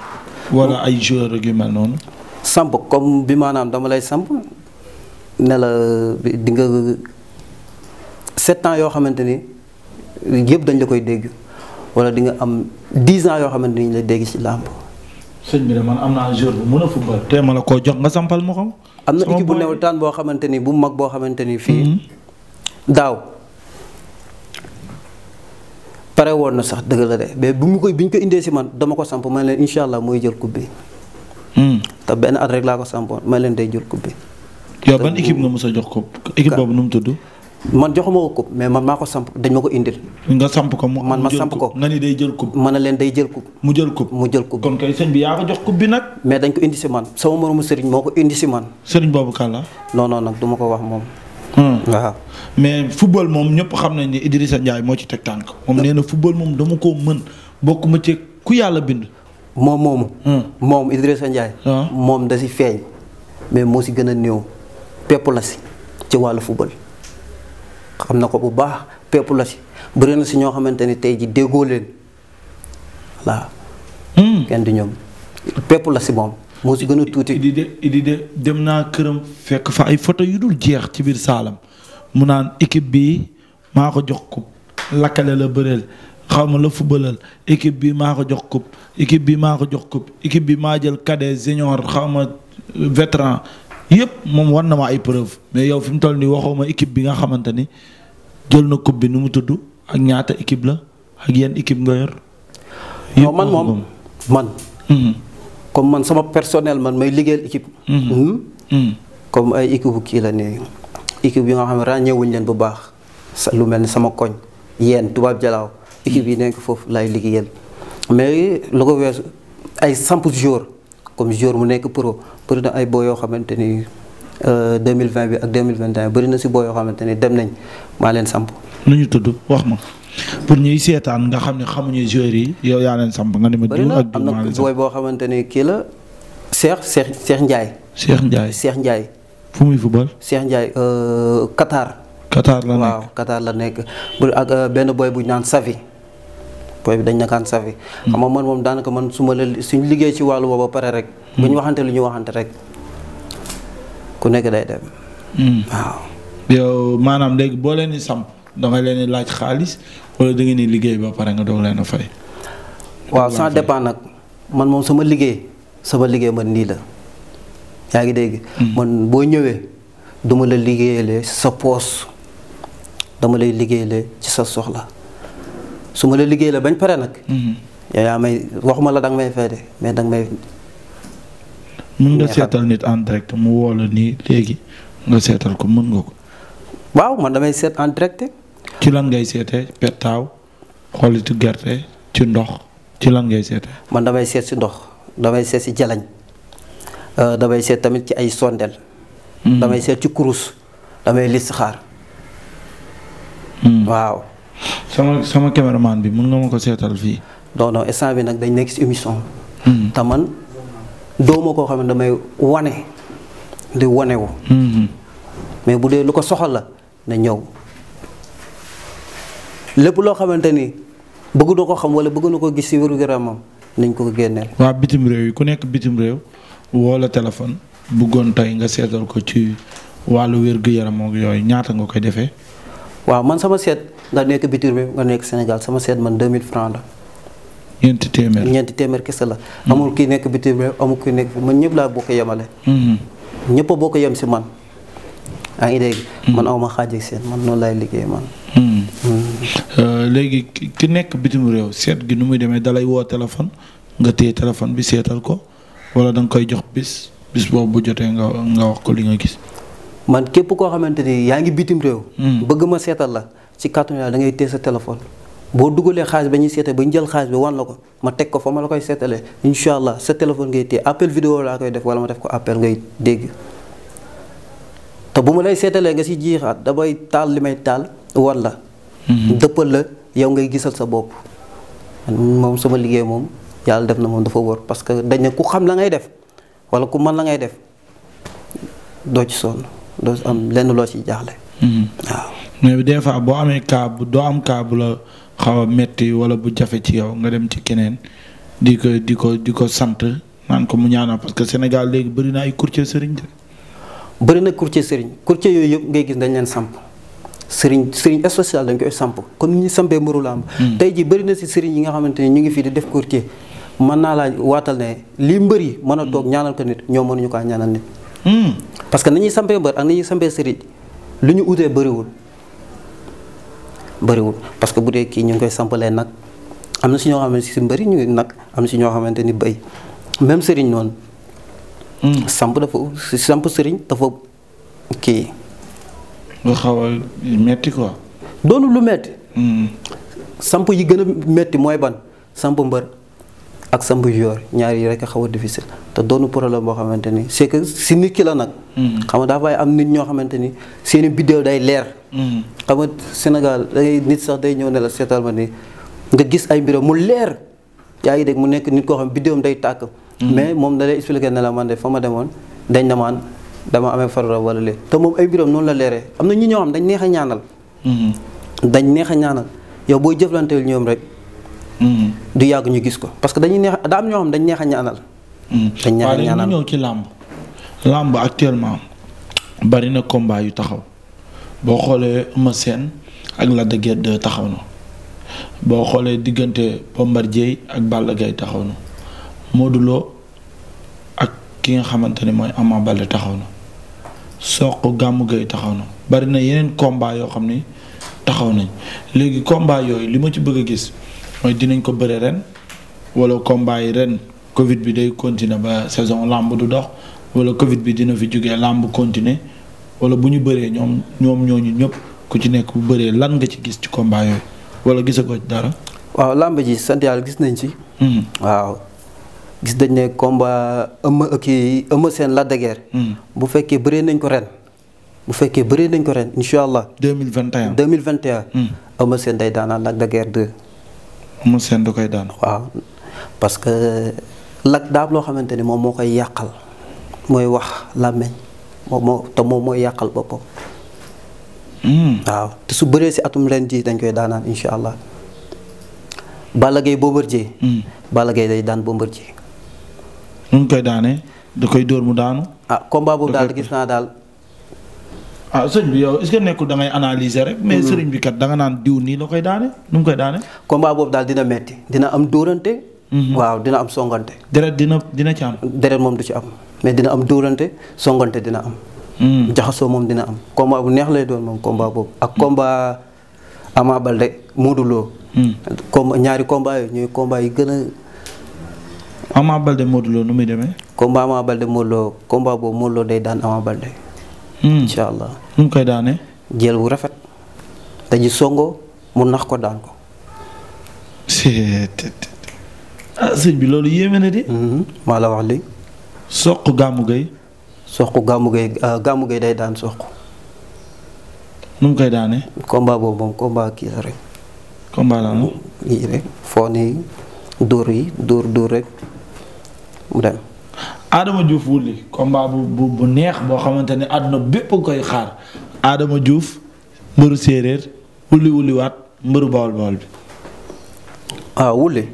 B: wala ay
C: joueur yu mel noonu. samp comme bi maanaam dama lay samp ne la di nga ans yoo xamante ni yëpp dañ la koy dégg wala di nga am dix ans yoo xamante ni ñu lay dégg ci làmb. sëñ bi de man am naa jour bu mën a koo jox nga sampal ma ko. am na équipe bu new taan boo xamante ni bu mu mag boo xamante ni fii. Mm-hmm. daaw pare woon na sax dëgg la de mais bu mu ko bi ñu ko indee si man dama ko samp man leen incha allah mooy jël coupe Hmm. te benn at rek laa ko sampoon may leen day jël coupe bi. yow ban équipe nga mos a jox coupe équipe boobu nu mu tudd. man joxuma ko coupe mais man maa ko samp dañ ma ko indil. nga samp ko mu man ma samp ko nga ni jël coupe. ma ne leen day jël coupe. mu jël coupe mu jël coupe. kon bi yaa ko bi nag. mais dañ ko indi si man sama moromu sëriñ moo ko indi si man. sëriñ boobu kàlla. non non nag du ma ko wax moom. Hmm. waaw
B: mais football moom ñëpp xam nañ ne Idrissa Ndiaye moo ci teg tànk moom nee na football moom dama koo mën
C: bokk ma ci ku yàlla bind. moom moomu. Hmm. moom Idrissa Ndiaye. Ah. moom dasi si feeñ. mais moo si gën a néew pepp la si ci wàll football xam na ko bu baax pepp la si bëri na si ñoo xamante ni tey ji déggoo leen voilà. Hmm. kenn du ñoom pepp la si moom. moo si gën a tuuti Idi
B: de Idi de dem naa këram fekk fa ay photo yu dul jeex ci biir saalam mu naan équipe bi maa ko jox ko lakkale la bëreel. xaw ma la fubalal équipe bi maa ko jox coupe équipe bi maa ko jox coupe équipe bi maa jël cadet senior xaw ma euh, vétéran yëpp moom war na ma ay preuve mais yow fi mu toll nii waxoo ma équipe bi nga xamante ni jël na coupe bi nu mu tudd ak ñaata équipe la ak yan équipe nga yor.
C: yow man moom man. Mm-hmm. comme man sama personnel man may liggéeyal équipe. Mm-hmm. Hmm? Mm-hmm. comme ay équipe kii la ne équipe yi nga xam ne ràññeewuñ leen bu baax. lu mel ni sama koñ yenn tubaab jalaaw équipe yi nekk foofu laay liggéeyal mais lu ko weesu ay samp jour comme jour mu nekk pour bëri na ay boo yoo xamante ni 2020 euh, bi ak 2021 bëri na si boo yoo xamante ni dem nañ maa leen samp.
B: nu ñu tudd wax ma. pour ñuy seetaan nga xam ne xamuñu joueurs yi
C: yow yaa leen samp nga ne ma. bëri na am na booy boo xamante ni kii la Cheikh Cheikh Cheikh Ndiaye. Cheikh Ndiaye Cheikh Ndiaye. fu muy football. Cheikh Ndiaye euh, Qatar. Qatar la nekk la nekk bu ak euh, benn booy bu ñu naan Safi. booy bi dañ nakaan safi hmm. xam nga man moom daanaka man su ma la suñ liggéey ci wàllu boobu ba pare rek hmm. bu ñu waxante lu ñu waxante rek
B: ku nekk day dem hmm. waaw yow maanaam léegi boo leen di samp da nga leen xaalis wala da ngeen di liggéey ba pare nga doog leen fay
A: waaw
C: ça dépend nag man moom sama liggéey sama liggéey ma nii la yaa ngi dégg man boo ñëwee duma la liggéeyale sa poos dama lay liggéeyalee ci sa soxla su ma la liggéey la bañ pare nag. Mm-hmm. yow may waxuma la danga may fayde mais danga may.
D: mën nga seetal
B: nit en direct mu woo la nii léegi nga seetal ko mën nga ko.
C: waaw man damay seet en direct. ci lan ngay seete pettaaw
B: xolitu gerte ci ndox ci lan ngay seetee.
C: man damay seet si ndox damay seet si jalañ euh, damay seet tamit ci ay sondel mm-hmm. damay seet ci kurus damay listixaar mm-hmm. waaw. sama sama cameraman bi mën nga ma ko seetal fii. non non instant nag dañ nekk ci émission. Hmm. te man dooma koo xam ne damay wane di wane wu. Hmm. mais bu dee lu ko soxal la na ñëw lépp loo xamante ni bëgg na ko xam wala bëgg na ko gis ci wér-gu-yaramam nañ ko génneel.
B: waa bitim réew yi ku nekk bitim réew woo la téléphone bëggoon tey nga seetal ko ci wàllu wér-gu-yaram ak yooyu ñaata nga koy defee.
C: waaw man sama seet. nga nekk bitir bi nga nekk Sénégal la.
B: ñeenti téeméer ñeenti
C: téeméer kese la. Hmm. amul kii nekk bitim réew amul kii nekk man ñëpp laa bokk yemale. Hmm. ñëpp a bokk yem si man. yaa ngi dégg. Hmm. man awma xaaj ak seet man noonu laay liggéey man.
B: Euh, léegi ki nekk bitim réew seet gi nu muy demee dalay woo téléphone nga téye téléphone bi seetal ko wala da koy jox bis bis boobu bu jotee nga wax ko li nga gis.
C: man képp koo xamante ni yaa ngi bitim réew. bëgg ma seetal la. si kàttanu yàlla da ngay téye sa téléphone boo dugalee xaalis ba ñuy seetee ba ñu jël xaalis bi wan la ko ma teg ko fa ma la koy seetalee incha allah sa téléphone ngay téye appel vidéo laa koy def wala ma def ko appel ngay dégg te bu ma lay seetalee nga si jiixaat damay taal li may taal wan la. Mm-hmm. dëppal la yow ngay gisal sa bopp. moom sama liggéey moom yàlla def na moom dafa wóor parce que dañ ne ku xam la ngay def wala ku man la ngay def doo ci sonn doo lenn loo ci jaaxle.
D: Mm-hmm.
B: mais des fois boo amee cas bu doo am cas la xaw a metti wala bu jafe ci yow nga dem ci keneen di ko di ko di ko sant naan ko mu ñaanal parce que Sénégal léegi bëri na ay courtier sëriñ de.
C: bëri na courtier sëriñ courtier yooyu yëpp ngay gis dañ leen samp sëriñ sëriñ social dañ koy samp kon ñu ñuy sampee mbëru làmb hmm. tey jii bëri na si sëriñ yi nga xamante ne ñu ngi fii di def courtier mën naa laa waatal ne lii mbër yi mën a hmm. toog ñaanal ko nit ñoo mënuñu kaa ñaanal nit. Hmm. parce que nañuy lu ñu utee bëriwul bariwul parce que bu dee kii ñu ngi koy sampalee nag am na si ñoo xamante si mbëri ñu nag am si ñoo xamante ni béy même sëriñ noonu. Hmm. samp dafa samp sëriñ dafa kii. lu xaw a metti quoi. doonu lu metti hmm. samp yi gën a metti mooy ban samp mbër ak samp joor ñaar yi rek a xaw a difficile te doonu problème boo xamante ni c'est que si nag. Hmm. xam nga dafa am nit ñoo xamante ni seeni biddéew day leer. Mm-hmm. xam nga Sénégal dangay nit sax day ñëw ne la seetal ma ni nga gis ay mbiram mu leer yaa ngi dégg mu nekk nit koo xam bidéewam day tàkk. Mm-hmm. mais moom da lay expliqué ne la man de fa ma demoon dañ na dama amee faru wala léegi te moom ay mbiram noonu la leeree am na ñu ñoo dañ neex a ñaanal. Mm-hmm. dañ neex a ñaanal yow booy jëflanteel ñoom rek. du yàgg ñu gis ko parce que dañuy neex daa am ñoo dañ neex a ñaanal. dañ neex a ñaanal
B: waaw ñëw ci làmb làmb actuellement bari na combat yu taxaw. boo xoolee Eumeu Sène ak Lac de Guiers taxaw na boo xoolee diggante Bombardier ak Balla Gaye taxaw na Modou Lo ak ki nga xamante ne mooy Ama Baldé taxaw na Sokh gàmm gay taxaw na bari na yeneen combat yoo xam ni taxaw nañ léegi combat yooyu li ma ci bëgg a gis mooy dinañ ko bëre ren walla combat yi ren Covid bi day continuer ba saison làmb du dox wala Covid bi dina fi jógee làmb continuer wala bu ñu bëree ñoom ñoom ñooñu ñëpp ku ci nekk bu bëree lan nga ci gis ci combat yooyu wala gisagoo ci dara.
C: waaw làmb ji sant yàlla gis nañ ci. Hmm. waaw gis dañ ne combat ëmm kii ëmm seen Lac de Guiers. Hmm. bu fekkee bëree nañ ko ren. bu fekkee bëree nañ ko ren incha allah. deux mille vingt et un mille vingt et un. ëmm seen day daanaan daan. waaw parce que Lac daam loo xamante ni moom moo koy yàqal mooy wax làmmeñ moom moo te moom mooy yàqal boppam.
D: Hmm. waaw
C: te su bëree si atum ren ji dañ koy daanaan incha allah. Balla Gaye Bombardier. Hmm. Balla Gaye day daan Bombardier. nu mu koy daanee da koy dóor mu daanu. ah combat boobu daal gis naa daal.
B: ah sëñ bi yow nekkul da ngay rek. mais hmm. sëriñ
C: bi kat naan diw nii la koy daane nu koy daane. combat daal dina metti dina am dóorante. waaw dina am songante. deret dina dina ci deret moom du ci am. mais dina am dóorante songante dina am. Hmm. jaxasoo moom dina am combat bu neex lay doon moom combat boobu ak hmm. combat Ama Baldé Modou hmm. ñaari komba yooyu ñooy combat yi gën a. Ama Baldé Modou nu muy demee. combat Ama Baldé Modou Lo combat boobu Modou Lo day daan Ama Baldé. incha allah nu koy daanee. jël bu rafet daji songoo mu nax ko daan ko. ah bi loolu yéeme na de. Mm-hmm. maa la wax léegi. soq gàmmu gay soq gàmmu gay euh, gàmmu day daan soq. nu mu koy daane. combat boobu moom combat kii rek. combat la moom. yii rek foon yi dóor yi dóor dóor rek
B: Adama Diouf wulli combat bu bu neex boo xamante ne àdduna bépp koy xaar Adama juuf
C: mbëru séeréer wulli wulli waat mbëru bawol bawol bi. ah wulli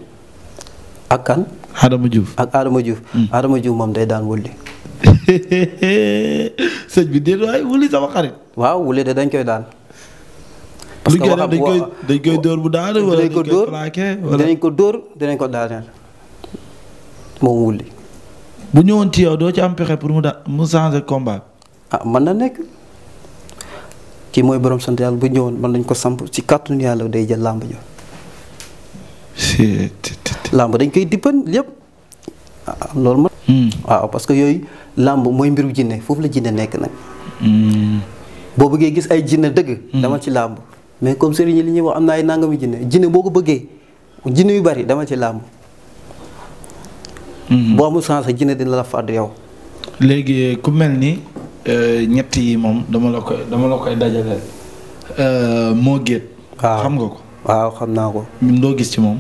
C: ak kan. Adama Diouf ak Adama Diouf. Hmm. Adama Diouf moom day daan wulli sëñ bi déedéet waay wulli sama xarit. waaw wulli de dañ koy daan.
B: parce que waxam dañ
C: koy dóor bu daan wala dañ koy plaqué wala dinañ ko dóor danañ ko daaneel moom wulli. bu ñëwoon ci yow doo ci am pexe pour mu da mu changer combat. ah mën na nekk kii mooy borom sant yàlla bu ñëwoon man nañ ko samp ci kàttanu yàlla day jël làmb jo làmb dañ koy dippan lépp loolu ma hmm. waaw parce que yooyu làmb mooy mbiru jinne foofu la jinne nekk nag hmm. boo bëggee gis ay jinne dëgg hmm. dama ci làmb mais comme sëriñ yi li ñuy wax am na ay nangami jinne jinne boo ko bëggee jinne yu bari dama ci làmb boo amul chance jinne dina la fàdd yow
B: léegi ku mel ni euh, ñett yi moom dama la koy dama dajaleel euh, moo géet xam nga ko waaw xam naa ko ñun doo gis ci moom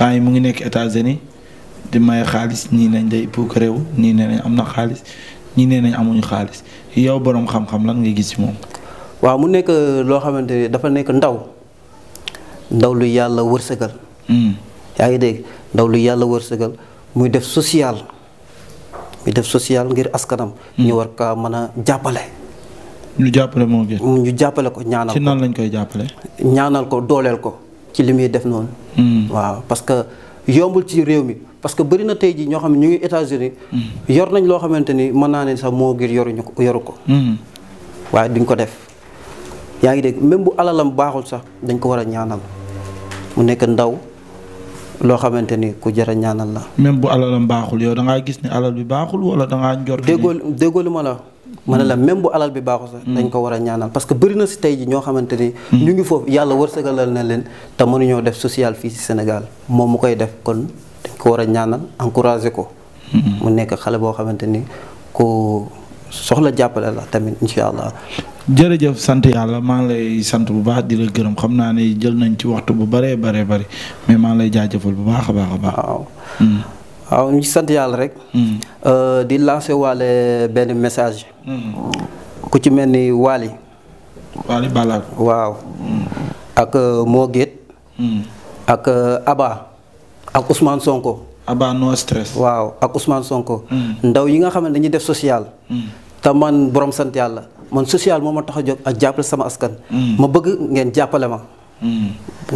B: temps mu ngi nekk États-Unis di may xaalis nii nañ day puuk réew ñii nee nañ am na xaalis ñii nee nañ amuñu xaalis yow boroom xam-xam lan ngay gis ci moom.
C: waaw mu nekk loo xamante ne dafa nekk ndaw ndaw lu yàlla wërsëgal. Hmm. yaa ngi dégg ndaw lu yàlla wërsëgal muy def social muy def social ngir askanam. Hmm. ñu war kaa mën a jàppale. ñu jàppale moo gën. ñu jàppale ko ñaanal ci nan lañ koy jàppale. ñaanal ko dooleel ko. ci li muy def noonu. Hmm. waaw parce que yombul ci réew mi parce que bëri na tey jii ñoo xam ne ñu ngi États-Unis hmm. yor nañ loo xamante ni mën naa ne sax moo ngir yoruñu ko yoru ko. Hmm. waaye duñ ko def yaa ngi dégg même bu alalam baaxul sax dañ ko war a ñaanal mu nekk ndaw. loo xamante ni ku jar a ñaanal la. même bu alalam baaxul yow da ngaa gis ne alal bi baaxul wala da ngaa njort. déggoo la ma ne la même bu alal bi baaxu sax dañ ko war a ñaanal parce que bëri na si tey ji ñoo xamante ni hmm. ñu ngi foofu yàlla wërsëgalal na leen te mënuñoo def social fii si Sénégal moom mu koy def kon dañ ko war a ñaanal encouragé ko hmm. mu nekk xale boo xamante ni ku soxla jàppale la tamit incha allah
B: jërëjëf sant yàlla maa ngi lay sant bu baax di la gërëm xam naa ne jël nañ ci waxtu bu bëree bëree bëri mais maa ngi lay jaajëfal bu baax a
C: baax a baax waaw hmm. ñu sant yàlla Euh, di lancer waale benn message. Hmm. ku ci mel ni Waly. Waly Ballago waaw. Hmm. ak euh, Mo Gates. Hmm. ak euh, Aba ak Ousmane Sonko. Aba no stress. waaw ak Ousmane Sonko. ndaw yi nga xam ne dañuy def social. te man borom sant yàlla man social moo ma tax a jot ak jàppale sama askan. ma bëgg ngeen jàppale ma.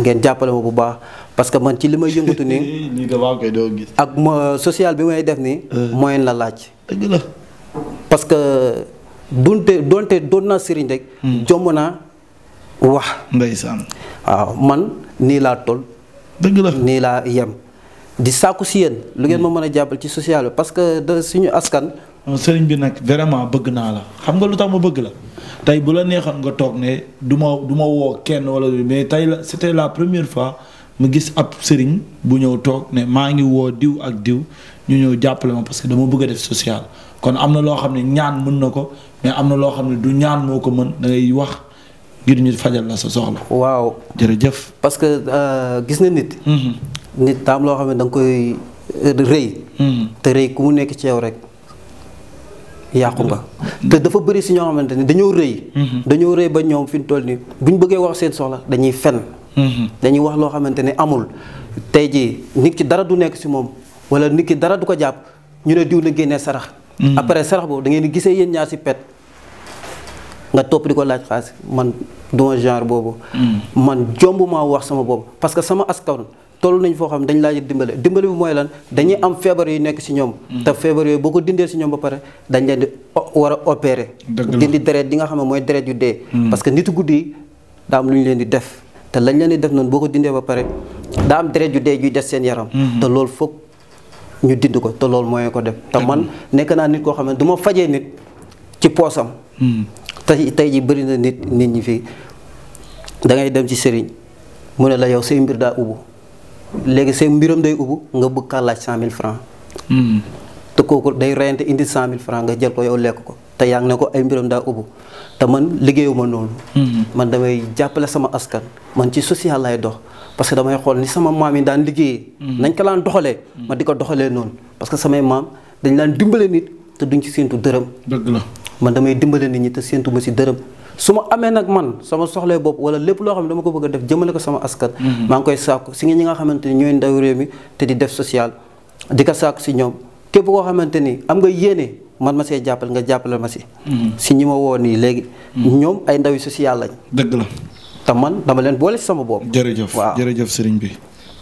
C: ngeen jàppale ma bu baax. parce que man ci li may yëngatu nii. lii damaa koy doo gis. ak ma social bi may def nii. Euh. moyen la laaj. dëgg la. parce que donte donte doon naa sëriñ rek. Hmm. jomb naa wax. ndeysaan. waaw man nii laa toll. dëgg la nii laa yem. di sàkku si yéen. lu ngeen ma mën a jàppal ci social bi parce que da suñu askan. sëriñ
B: bi nag vraiment bëgg naa la xam nga lu tax ma bëgg la tey bu la neexoon nga toog ne du ma du ma woo kenn wala mais tey la c'était la première fois. ma gis ab sëriñ bu ñëw toog ne maa ngi woo diw ak diw ñu ñëw jàppale ma parce que dama bëgg a def social kon am na loo xam ne ñaan mën na ko mais am na loo xam ne du ñaan moo ko mën da ngay wax ngir ñu fajal
C: la sa soxla. waaw jërëjëf. parce que euh, gis na nit. Mm-hmm. nit taam loo xam ne da nga koy euh, rëy. Mm-hmm. te rëy ku mu nekk ci rek. yàqu nga te dafa bëri si ñoo xamante ne dañoo rëy. Mm-hmm. dañoo rëy ba ñoom fi ñu nii bu ñu bëggee wax seen soxla dañuy fen Mm-hmm. dañuy wax loo xamante ne amul tey jii nit ki dara du nekk si moom wala nit ki dara du ko jàpp ñu ne diw la génnee sarax. Mm-hmm. après sarax boobu da ngeen di gisee yéen ñaar si pet. nga topp di ko laaj xaalis man duma genre boobu. Mm-hmm. man jomb maa wax sama boob parce que sama askan toll nañ foo xam dañ laa dimbale dimbale bi mooy lan dañuy am feebar yu nekk si ñoom. te feebar yooyu boo ko dindee si ñoom ba pare dañ leen di war a opérer. dindi deret yi nga xam ne mooy deret yu dee. parce que nitu guddi yi lu ñu leen di def. te lañ la ne def noonu boo ko dindee ba pare daa am deret ju dee juy des seen yaram mhm. te loolu foog ñu dind ko te loolu mooy ko def te man nekk naa nit koo xam ne du fajee nit ci poosam mhm. tey tey ji bari na nit nit ñi fii dangay dem ci sëriñ mu ne la yow say mbir daa ubbu léegi say mbiram day ubbu nga bëgg kaa laaj cent mille francs mhm. te kooku day reyante indi cent mille francs nga jël ko yow lekk ko te yaa ne ko ay mbiram daa ubbu te man liggéeyuma noonu. Mm-hmm. man damay jàppale sama askan. man ci social lay dox parce que damay xool ni sama maam yi daan liggéeyee. Mm-hmm. nañ ko daan doxalee. Mm-hmm. ma di ko doxalee noonu parce que samay maam dañ daan dimbale nit te duñ ci séntu dërëm. dëgg la man damay dimbale nit ñi te séntu ma si dërëm. su ma amee nag man sama soxlee bopp wala lépp loo xam ne dama ko bëgg a def jëmale ko sama askan. maa ngi koy sàkku si ñi nga xamante ni ñooy ndaw réew mi te di def social. di ko sàkku si ñoom képp koo xamante ni am nga yéene man ma see jàppale nga jàppale ma si. Mm-hmm. si ñi ma woo nii léegi. Mm-hmm. ñoom ay ndaw yu social lañ. dëgg la. te man dama leen boole si sama bopp.
B: jërëjëf waaw jërëjëf sëriñ bi.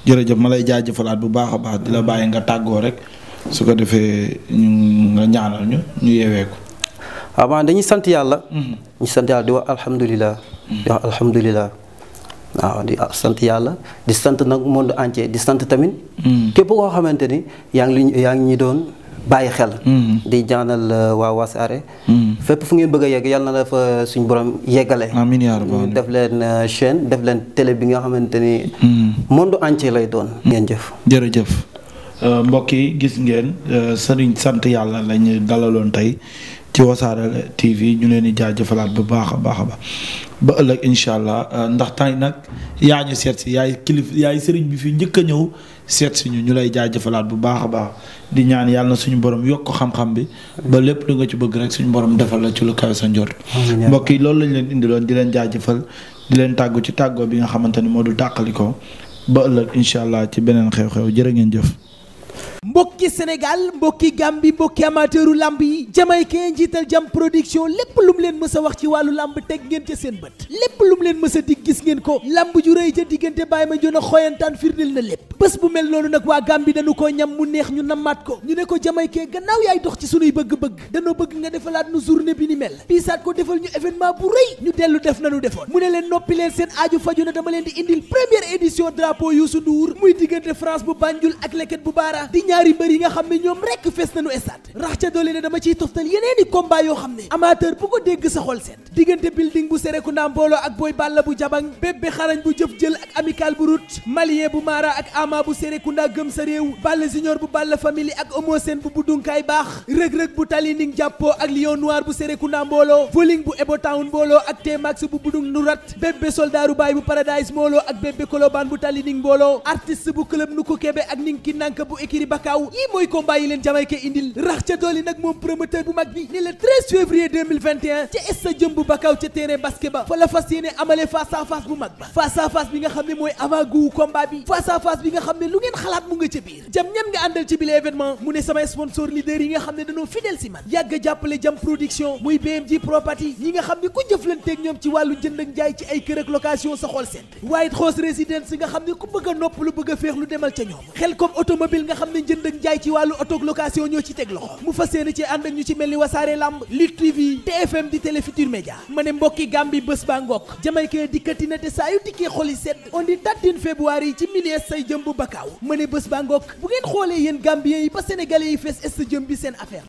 B: jërëjëf ma lay jaajëfalaat bu
C: baax a baax di la mm-hmm. bàyyi nga tàggoo rek su ko
B: defee ñu
C: nga ñaanal ñu ñu yeewee ko. waaw man sant yàlla. ñu sant yàlla di wax alhamdulilah. waaw di sant yàlla di sant nag monde entier di sant tamit. képp koo xamante ni yaa ngi yaa ngi doon. bàyyi xel mm-hmm. di ñaanal euh, waa Wassare mm-hmm. fépp fu ngeen bëgg a yegg yàlla na la fa suñ borom yeggale def leen euh, chaîne def leen télé bi nga xamante ni mm-hmm. monde entier lay doon ngeen jëf
B: jërëjëf euh, mbokk yi gis ngeen sëriñ sant yàlla lañu dalaloon tey ci wasaare TV ñu leen di jaajëfalaat bu baax a baax a baax ba ëllëg incha allah ndax tey nag yaa ñu seet si yaay kilif yaay sëriñ bi fi njëkk a ñëw seet si ñu ñu lay jëfalaat bu baax a baax di ñaan yàlla na suñu borom yokk ko xam-xam bi ba lépp lu nga ci bëgg rek suñu borom defal la ci lu kawe sa njort mbokk yi loolu lañ leen indiloon di leen jaajëfal di leen tàggu ci tàggoo bi nga xamante ni moo du tàqali ko ba ëllëg incha allah ci beneen xew-xew jërë ngeen jëf
A: mbokki Sénégal mbokki Gambie mbokki amateuru lamb yi jamaykee njiital jam production lépp lu mu leen mës a wax ci wàllu lamb teg ngeen ca seen bët lépp lu leen mës a gis ngeen ko lamb ju rëy ca diggante bàyyi ma jon a xoyantaan firndeel na lépp bés bu mel noonu nag waa Gambie dañu koo ñam mu neex ñu namaat ko ñu ne ko jamaykee gannaaw yaay dox ci sunuy bëgg-bëgg danoo bëgg nga defalaat nu journée bi ni mel piisaat ko defal ñu événement bu rëy ñu dellu defoon mu ne leen noppi leen seen aaju faju leen di indil première édition drapeau Youssou Ndour ñaari mbër yi nga xam ne ñoom rekk fees nañu stade rax ca doole ne dama ciy toftal yeneeni combat yoo xam ne amateur bu ko dégg sa xol seet diggante building bu Serekunda mbooloo ak Boy Balla bu jabang bébbe xarañ bu jëf jël ak amical bu rut bu maara ak ama bu Serekunda gëm sa réew Balla junior bu Balla family ak Homo Sène bu buddunkaay baax rëg-rëg bu tali ning jàppoo ak lion noir bu Serekunda mbooloo voling bu Ebo mbooloo ak T-Max bu Pakaaw yii mooy combat yi leen Jamaïque indil rax ca dooli nag moom promoteur bu mag bi ne le février ca es sa jëm bu Bakaaw ca terrain basket fa la fas yéene amalee face à bu mag ba face à bi nga xam ne mooy avant combat bi face à bi nga xam ne lu ngeen xalaat mu nga ca biir jam ñan nga àndal ci bile événement mu ne samay sponsor leader yi nga xam ne dañoo fidèle si man yàgg jàppale jam production muy BMG property yi nga xam ne ku jëflanteeg ñoom ci wàllu njënd ak njaay ci wàllu auto location ñoo ci teg loxo mu fa yéene ci ànd ak ñu ci mel ni wasaare lamb Lutte TV fm di Télé Futurs ma ne mbokki Gàmbi bés ba ngokk jamaykee dikkati na te saa yu dikkee xol yi sedd on di tattin février yi ci milies say jëm bu bakkaaw ma ne bés ba ngokk bu ngeen xoolee yéen Gambien yi ba Sénégalais yi fees est jëm bi seen affaire